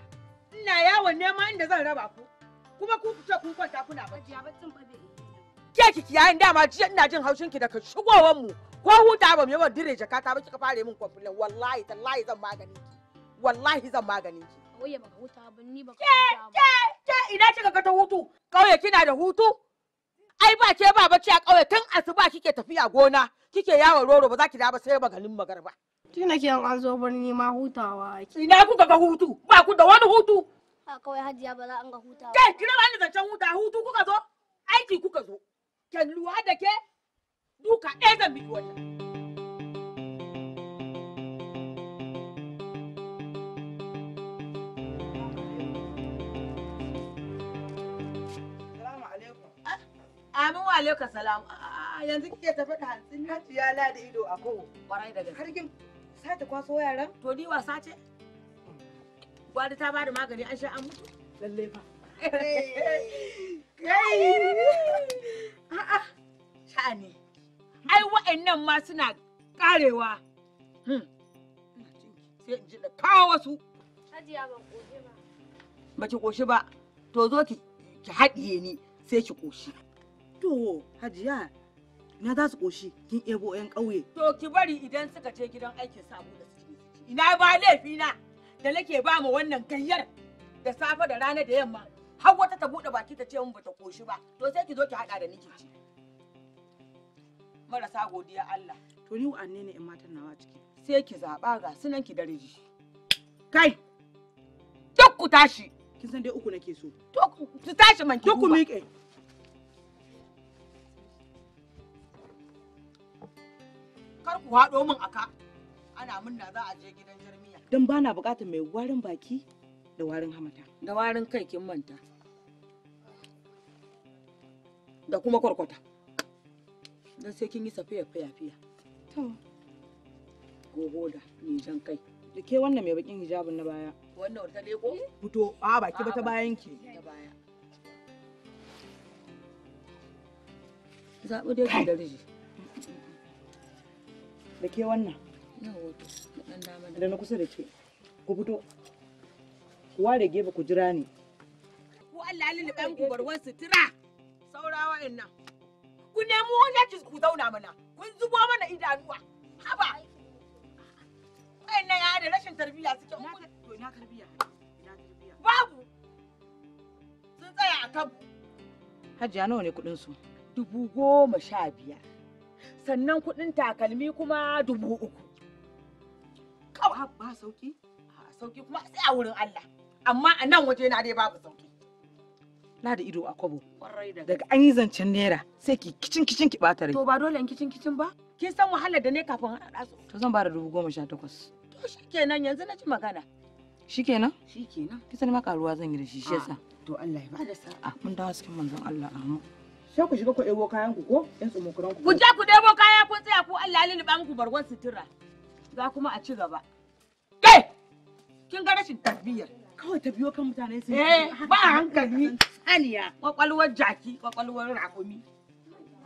ina yawon nema inda zan raba ku kuma ku fice kun kwanta kuna bacci ya baccin fa bai ke ki kiyaye dama jiya ina jin haushin ki daga shigowar mu ko huta ba mu yawan dire jakata ba kika fare min kwafilin wallahi tallahi zan magani ki wallahi zan magani ki kauye baka huta ba ni huta ba ke ke ina kika ga ta hutu kauye kina da hutu ai ba ke ba bacci a kauye tun asuba kike tafiya gona kike yawon roro ba za ki da ba sai maganin magarba Tuna ke an zo birni ma hutawa ake. Ina kuka ga hutu? Ba ku da wani hutu? A kawai hajiya ba za an ga hutawa. Kai kira ba ni zancen huta hutu kuka zo? Aiki kuka zo. Kyalluwa da ke duka ɗaya zan miki wannan. Ah, amin wa salam. Ah, yanzu kike tafi da hantsin na ya da ido a kowo. Kwarai da gaske. wasa ta kwaso yaran? To ni wasa ce? Gwari ta bada magani an sha an mutu? Lalle fa. Kai! A'a, sha'ani. Ai wa'annan ma suna ƙarewa. Hmm. Sai in ji da kawo wasu. Hajiya ban ƙoshi ba. Ba ki ƙoshi ba. To zo ki haɗiye ni sai ki ƙoshi. To, Hajiya, ina za su ƙoshi kin ebo 'yan ƙauye. To ki bari idan suka je gidan aikin samu da su Ina ba laifina da nake ba ma wannan gayyar da safe da rana da yamma. Har wata ta buɗe baki ta ce mun bata ƙoshi ba. To sai ki zo ki haɗa da niki ci. Marasa godiya Allah. To ni wa'anne ne 'yan matan nawa ciki? Sai ki zaɓa ga sunan ki dare ji. Kai! Duk ku tashi! Kin san dai uku nake so. To ku tashi man ki duba. Duk ku miƙe. kar ku haɗo min aka ana munna za a je gidan jarmiya don ba na buƙatar mai warin baki da warin hamata da warin kai kin manta da kuma kwarkwata don sai kin yi safiya fiya fiya to gogo da ni jan kai da ke wannan mai bakin hijabin na baya wannan wata leko fito a baki ba ta bayan ki ta baya zaɓi dai da riji da ke wannan da na kusa da ke ku fito ku ware gefe ku jira ne ku Allah lulluɓen ku barwan sutura saurawa in nan ku nemo wani ku zauna mana kun zubo mana idanuwa haba wayannan ya da rashin tarbiyya suke to na tarbiyya babu sun tsaya a kan hajiya nawa ne kudin su dubu goma sha biyar sannan kuɗin takalmi kuma dubu uku. Kawai ba sauki? A sauki kuma sai a wurin Allah. Amma a nan waje na dai babu sauki. Na da ido a kwabo. Daga an yi zancen naira sai ki kicin kicin ki ɓata rai. To ba dole in kicin kicin ba? Kin san wahalar da ne kafin a ɗasu. To zan ba da dubu goma sha takwas. To shikenan yanzu na ji magana. Shikenan? Shikenan. Kisa ne ma karuwa zan yi da shi shi yasa. Ah, to Allah ya ba da sa'a. Ah, mun dawo cikin manzon Allah a sai ku shiga ku ɗebo kayan ku ko ƴan kuran ku. Ku je ku ɗebo kaya kun tsaya ku Allah ya ba muku bargon sutura. Za kuma a ci gaba. Kai! Kin ga rashin tarbiyyar. Kawai ta biyo kan mutane sai. Eh, ba hankali. Aniya. Kwakwalwar jaki, kwakwalwar raƙumi.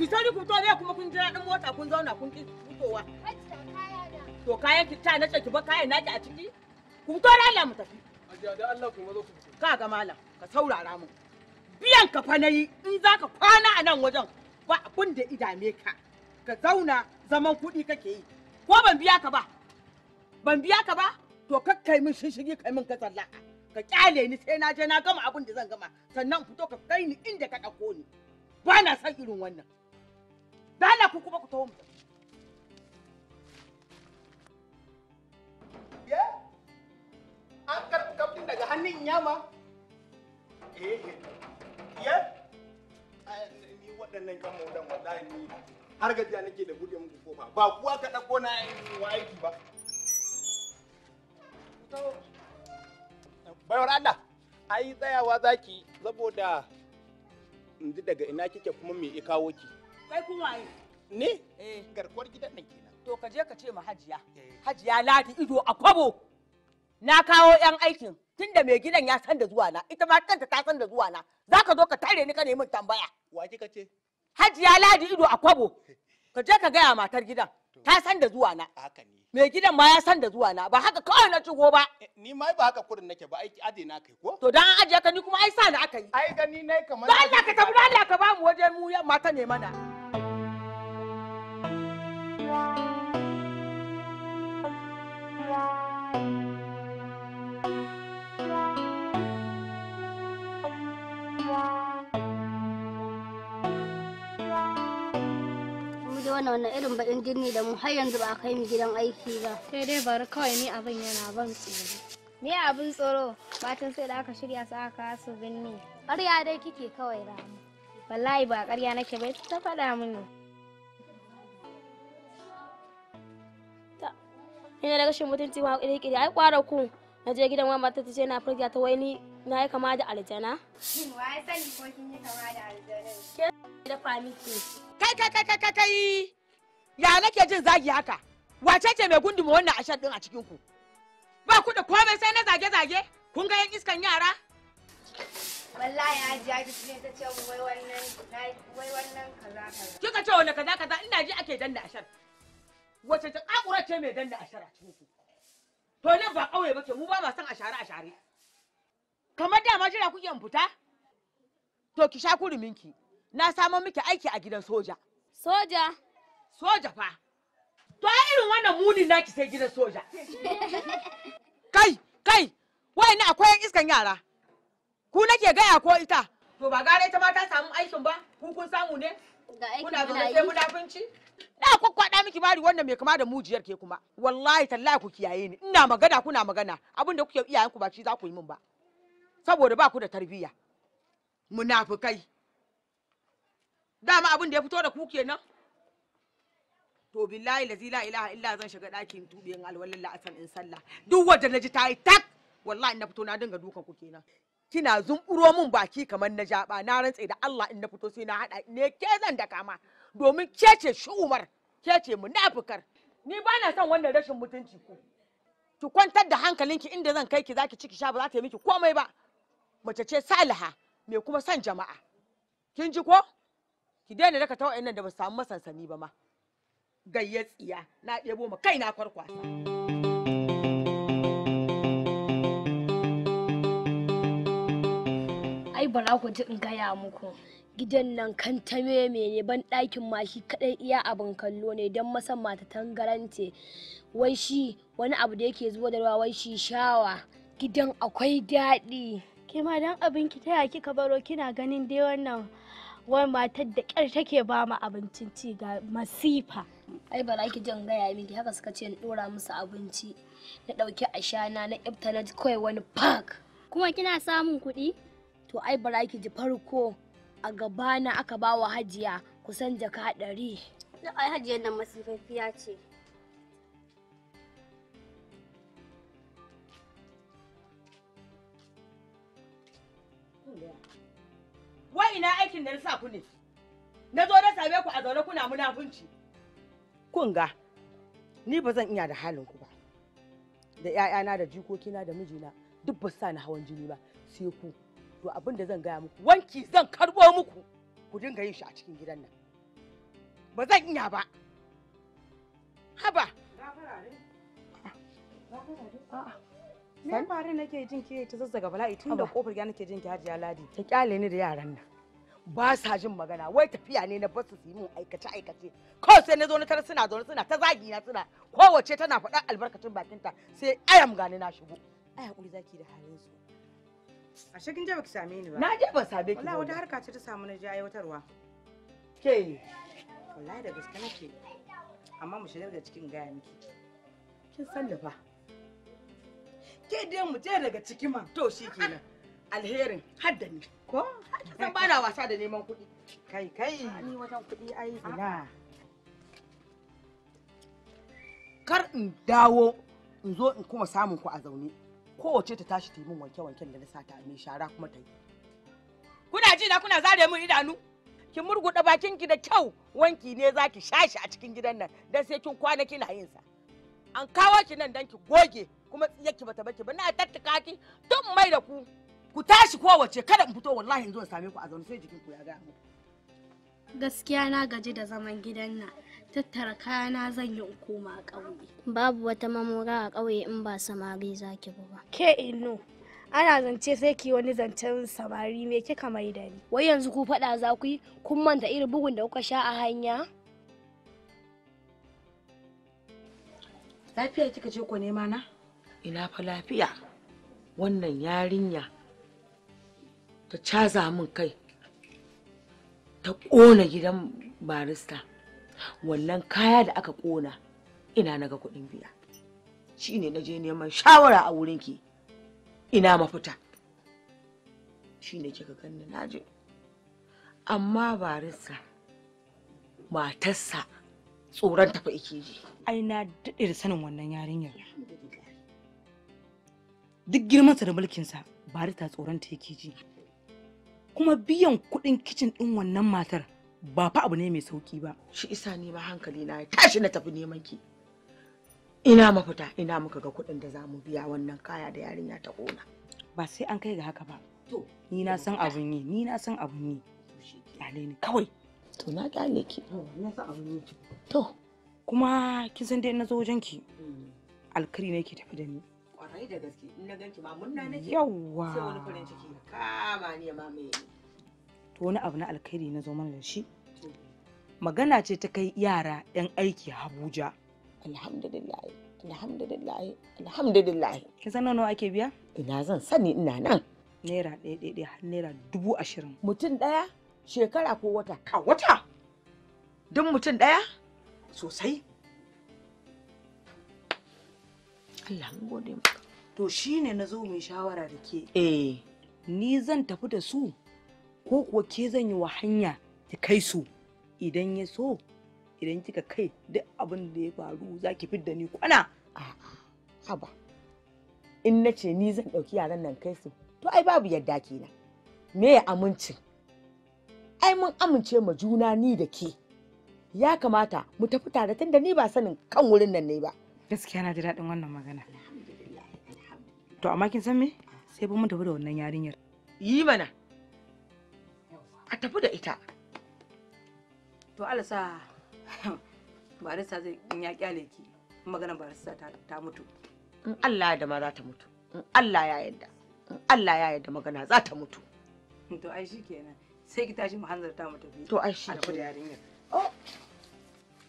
ki sauri ku to kuma kun jira dan mota kun zauna kun ki fitowa to kayan ki ta nace ki ba kayan naki a ciki ku fito da Allah mu tafi da Allah ku mazo ku ka ga malam ka saurara mu biyan ka fa nayi in zaka kwana a nan wajen ba abin da idame ka ka zauna zaman kuɗi kake yi ko ban biya ka ba ban biya ka ba to kakkai min shishigi kai min kasalla ka kyale ni sai na je na gama abin da zan gama sannan fito ka kai ni inda ka ɗauko ni ba na san irin wannan dala ku kuma ku taho mu an karɓi kaftin daga hannun yama eh ye ni waɗannan kan maudan ni har gajiya nake da buɗe muku kofa ba kuwa ka ɗauko na wa aiki ba bayar Allah ai tsayawa zaki saboda in ji daga ina kike kuma me ya kawo ki Kai kun waye? Ni? Eh. Garkuwar gidan nan kenan. To ka je ka ce ma Hajiya. Eh. Hajiya Ladi ido a kwabo. Na kawo 'yan aikin tunda mai gidan ya san da zuwa na ita ma kanta ta san da zuwa na za ka zo ka tare ni ka nemi tambaya. Wa kika ce? Hajiya Ladi ido a kwabo. Ka je ka gaya matar gidan. Ta san da zuwa na. Haka ne. Mai gidan ma ya san da zuwa na ba haka kawai na shigo ba. Eh, ni ma ba haka kurin nake ba aiki ade na kai ko? To dan an ajiye ka ni kuma ai sa na aka yi. Ai gani ne kamar. Ba Allah ka tabbata Allah ka ba mu wajen mu mata ne mana. mana wannan irin baɗin jinni da mu har yanzu ba a kai mu gidan aiki ba. Sai dai bari kawai ni abin yana ban tsoro. Me abin tsoro? Fatan sai da aka shirya su aka su binni. Ƙarya dai kike kawai ramu. Wallahi ba ƙarya nake bai ta faɗa mini. ina da rashin mutunci wa kiri kiri ai kwara ku na je gidan wani mata ta ce na furgiya ta wai ni na yi kama da aljana shin wa ya sani ko kin yi kama da aljana ke da famiki kai kai kai kai kai ya nake jin zagi haka wace ce mai gunduma wannan ashar din a cikin ku ba ku da komai sai na zage zage kun ga yan iskan yara wallahi hajiya ne ta ce wai wannan wai wannan kaza kaza kika ce wani kaza kaza ina ji ake danna ashar wace ta kakura ce mai danna ashara cikin to nan ba kauye ba ke mu ba ma san a share. kamar dama jira kuke in fita to ki sha ki. na samo miki aiki a gidan soja soja soja fa to a irin wannan munin ki sai gidan soja [LAUGHS] kai kai wai ni akwai iskan yara ku nake gaya ko ita to ba gare ta ma ta samu aikin ba ku kun samu ne Kuna zaune sai munafunci? da miki mari wannan mai kama da mujiyar ke kuma. Wallahi tallahi ku kiyaye ni. Ina magana kuna magana. Abin da kuke iyayenku ba shi za ku yi min ba. Saboda ba ku da tarbiyya. Munafukai. Dama abin da ya fito da ku kenan. To billahi lazi la ilaha illa zan shiga ɗakin tuɓe in a la'asan in sallah. Duk wanda na ji ta yi tak. Wallahi na fito na dinga dukan ku kenan. kina zumburo min baki kamar na jaba na rantse da Allah in na fito sai na hada ne ke zan da kama domin ke shi Umar kece munafikar ni bana son wannan rashin mutunci ku ki kwantar da hankalinki inda zan kai ki zaki ciki sha ba za ta yi miki komai ba mace ce saliha me kuma son jama'a kin ji ko ki daina daka ta nan da ba samu masansani ba ma gayyatsiya na ɗebo ma kaina kwarkwasa ai za ku ji in gaya muku gidan nan kan ta ne ban ɗakin ma kaɗai iya abin kallo ne don masan mata tangarance wai shi wani abu da yake zuwa da ruwa wai shi shawa gidan akwai daɗi ke ma dan abin ki taya kika baro kina ganin dai wannan wai matar da ƙyar take ba mu abincin ci ga masifa ai za ki jin gaya miki haka suka ce in ɗora musu abinci na ɗauki ashana na ibta na kawai wani park kuma kina samun kuɗi to ai bara ki ji farko a gabana aka bawa hajiya kusan jaka ɗari. Na ai hajiya nan masifafiya ce. Wa ina aikin da na sa ku ne? Na zo na same ku a zaune kuna munafunci. Kun ga, ni ba zan iya da halin ku ba. Da 'ya'yana da jikokina da mijina duk ba sa ni hawan jini ba sai ku to abin da zan gaya muku wanki zan karbo muku ku dinga yin shi a cikin gidan nan ba zan iya ba haba Me fare nake jin ke ta zazzaga bala'i tun da kofar gida nake jin ki Hajiya Ladi. ta kyale ni da yaran nan. Ba sa jin magana wai tafiya ne na basu su yi min aikace aikace. Ko sai na zo na tar suna zaune suna ta zagi na suna kowace tana faɗa albarkacin bakinta sai ayam gani na shigo. aya hakuri zaki da halin su. Ashe kin je baki same ni ba. Na je ban same ki. Wallahi wata harka ce ta samu na je aiwatarwa. Ke. Wallahi da gaske nake. Amma mu shirya daga cikin gaya miki. Kin san da fa. Ke dai mu je daga cikin man. To shi kenan. Alherin hadda ni. Ko? San ba na wasa da neman kuɗi. Kai kai. Ni wajen kuɗi ai ina. Kar in dawo in zo in kuma samun ku a zaune. kowace ta tashi ta yi min wanke wanke da na sa ta mai shara kuma ta yi kuna ji na kuna zare min idanu ki murguɗa bakin ki da kyau wanki ne za ki shi a cikin gidan nan dan sai kin kwana kina yin sa an kawo ki nan dan ki goge kuma ki bata bace ba na tattaka ki tun mai da ku ku tashi kowace kada in fito wallahi in zo in same ku a zaune sai jikin ku ya ga gaskiya na gaji da zaman gidan nan tattara kayana zan yi in a ƙauye. Babu wata mamura a ƙauye in ba samari za ki ba. Ke ino, ana zance sai ki wani zancen samari me kika mai da ni. Wai yanzu ku faɗa za ku yi kun manta irin bugun da kuka sha a hanya? Lafiya kika je ku nema na? Ina fa lafiya. Wannan yarinya ta caza min kai ta ƙona gidan barista. wannan kaya da aka ƙona ina naga kuɗin biya shi ne na je neman shawara a wurinki ina mafita shi ne kika ganni na je amma barista matarsa tsoron tafa ike ji ai na daɗe da sanin wannan yarinyar duk girmansa da mulkinsa barista tsoron ta yake ji kuma biyan kuɗin kicin ɗin wannan matar ba fa abu ne mai sauki ba shi isa ne ma hankali na tashi na tafi neman ki ina mafita ina muka ga kuɗin da za mu biya wannan kaya da yarinya ta kona ba sai an kai ga haka ba to ni na san abun yi ni na san abun yi kyale ni kawai to na kyale ki na san abun yi to kuma kin san dai na zo wajen ki mm. alkari ne ki tafi da ni kwarai da gaske in na ganki ma munna nake yawwa sai wani farin ciki kama ni ma mai wani abu na alkhairi na zo mana da shi magana ce ta kai yara 'yan aiki Abuja. Alhamdulillah, alhamdulillah, alhamdulillah. Kin san nawa ake biya? Ina zan sani ina nan. Naira ɗaya ɗaya ɗaya har naira dubu ashirin. Mutum ɗaya shekara ko wata? A wata. Don mutum ɗaya sosai. Allah gode maka. To shine na zo mai shawara da ke. Eh. Ni zan tafi da su ko kuwa ke zan yi wa hanya ki kai su idan ya so idan kika kai duk abin da ya faru za ki fidda ni kwana haba in na ce ni zan ɗauki yaran nan kai su to ai babu yadda kenan me ya amincin ai mun amince ma juna ni da ke ya kamata mu tafi tare tunda ni ba sanin kan wurin nan ne ba gaskiya na da daɗin wannan magana to amma kin san me sai ba mu tafi da wannan yarinyar yi mana a tafi da ita to alasa [LAUGHS] barista zai in ya kyale ki maganar barista ta mutu in Allah ya da ma za ta mutu in Allah ya yarda in Allah ya yarda magana za ta mutu to ai shikenan sai ki tashi mu hanzar ta mutu. to ai shi da yarinya oh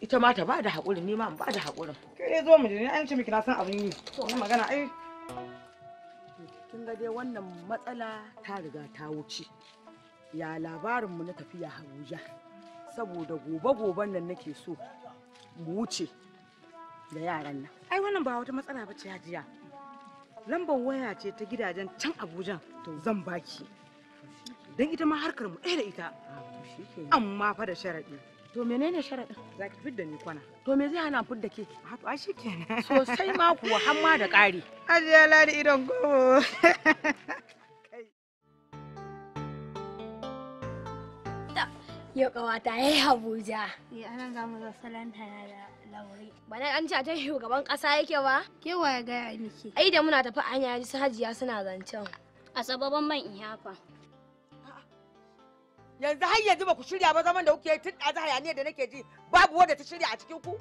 ita ma ta ba da haƙuri ni ma in ba da haƙurin dai zo mu je an ce miki na san abin yi to magana ai kin ga dai wannan matsala ta riga ta wuce ya labarinmu na tafiya Abuja saboda gobe-goben nan nake so mu wuce da yaran nan. Ai wannan ba wata matsala ba ce hajiya. Lambar waya ce ta gidajen can Abuja to zan baki. Don ita ma harkar mu ɗaya da ita. Ah, Amma fa da sharaɗi. To menene sharaɗin? Za ki fidda ni kwana. To me zai hana fidda ke? A ah, to ashe kenan. Sosai ma kuwa har ma da ƙari. Hajiya ladi idon gobo. [LAUGHS] Yau ƙawata ya yi Abuja. ya eh, ana ga mu salon ta da lauri. Ba na an ta shugaban ƙasa yake ba? Ke ya gaya miki. Ai da muna tafi an yaji su hajiya suna zancen. A sababan man in yafa Yanzu har yanzu ba ku shirya ba zaman da kuke tun ɗazu hayaniya da nake ji babu wadda ta shirya a cikin ku?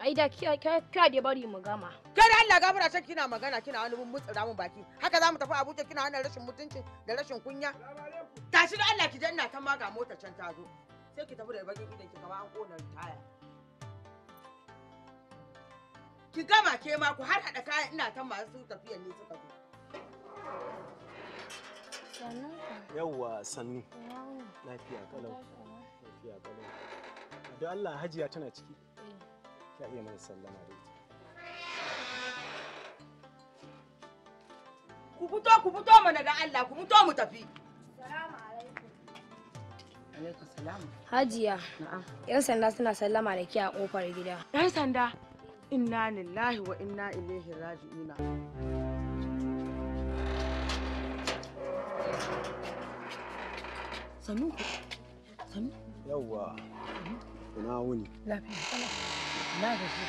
ai da kira da bari mu gama Kada Allah Allah gafara ta kina magana kina wani mutsa mun baki haka zamu tafi Abuja kina wannan rashin mutunci da rashin kunya tashi da Allah ki je ina ta maga mota can ta zo sai ki tafi da bakin idan ki kama an kona taya ki gama ke ma ku har hada kayan ina ta masu tafiya ne suka zo yawwa sannu lafiya kalau lafiya kalau da Allah hajiya tana ciki ka iya mana sallama da ita ku fito ku fito mana da Allah ku fito mu tafi Hajiya, ‘yan sanda suna sallama da ke a ƙofar gida. ‘Yan sanda, inna lillahi wa inna ilaihi raji'una. Sanu, sanu. Yawwa, ina wuni. Lafiya, na gaji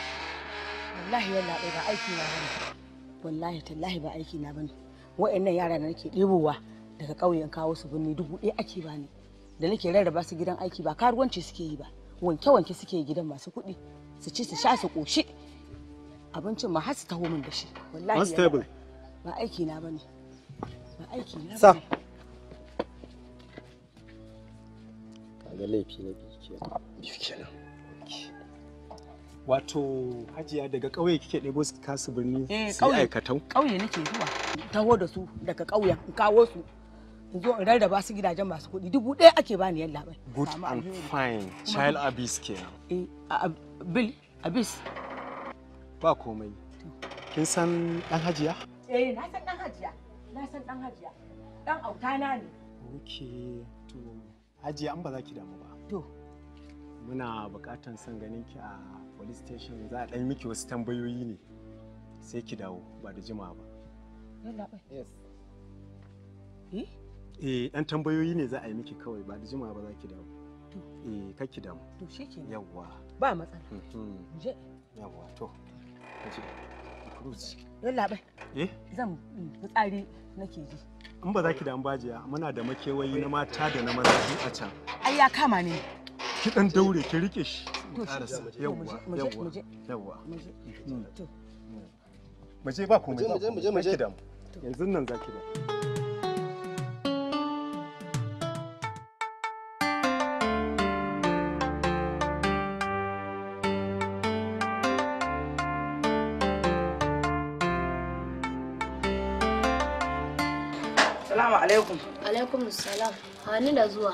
wallahi yallaɓe ba aiki na bane wallahi tallahi ba aiki na bane wa'annan yara da nake ɗebowa daga ƙauyen kawo su birni dubu ɗaya ake bani da nake rarraba su gidan aiki ba karuwanci suke yi ba wanke-wanke suke yi gidan masu kuɗi su ci su sha su ƙoshi abincin ma har su taho min da shi wallahi ba aiki na bane ba aiki na bane ga laifi na biyu kenan Wato hajiya daga ƙauye kike ɗebo su kasu birni eh, su aikatau? Ƙauye nake zuwa. Taho da su daga ƙauyen in kawo su. In zo in rarraba su gidajen masu kuɗi dubu ɗaya ake bani yan labai. Good and fine. Child abuse ke Eh, Bill, abuse. Ba komai. Kin san ɗan hajiya? Eh, na san ɗan hajiya. Na san ɗan hajiya. Ɗan autana ne. oke to hajiya an ba za ki damu ba. To. Muna bukatan son ganin ki a police station za a ɗan miki wasu tambayoyi ne sai ki dawo ba da jima ba. Yalla bai. Yes. Eh? Eh, ɗan tambayoyi ne za a yi miki kawai ba da jima ba za ki dawo. To. Eh, kar ki damu. To shi ke. Yawwa. Ba matsala. Mhm. Je. Yawwa to. Kaje. Cruise. Yalla bai. Eh? Zan mm, fitsari nake ji. In ba za ki damu ba jiya muna da makewayi na mata da na maza a can. Ai ya kama ne. Ki ɗan daure ki rike shi. Hmm. ba komai ba muje yanzu nan zaki Salamu alaikum. Alaikum salam. Hani da zuwa.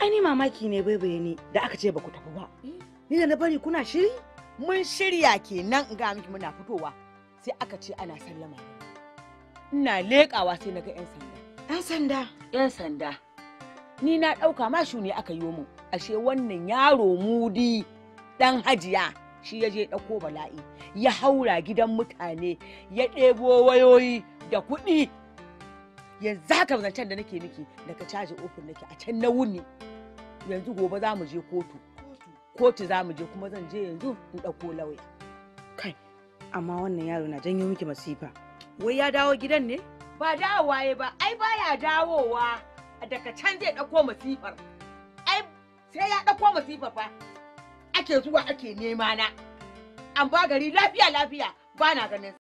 Ai ni mamaki ne bai-bai ni da aka ce ba ku tafi ba. Ni da na bari kuna shiri? Mun shirya kenan in ga miki muna fitowa. Sai aka ce ana sallama. Ina leƙawa sai na ga 'yan sanda. 'Yan sanda? 'Yan sanda. Ni na ɗauka ma ne aka yi mu. Ashe wannan yaro mudi ɗan hajiya. Shi ya je ɗauko bala'i. Ya haura gidan mutane. Ya ɗebo wayoyi da kuɗi. Yanzu haka zancen da nake miki daga caji ofin nake a can na wuni. yanzu gobe za mu je kotu kotu za mu je kuma zan je yanzu in ɗauko lauya kai amma wannan yaro na janyo miki masifa wai ya dawo gidan ne ba dawowa ya ba ai baya dawowa daga can zai ɗauko masifar ai sai ya ɗauko masifar fa ake zuwa ake nema na an ba gari lafiya lafiya ba na ganin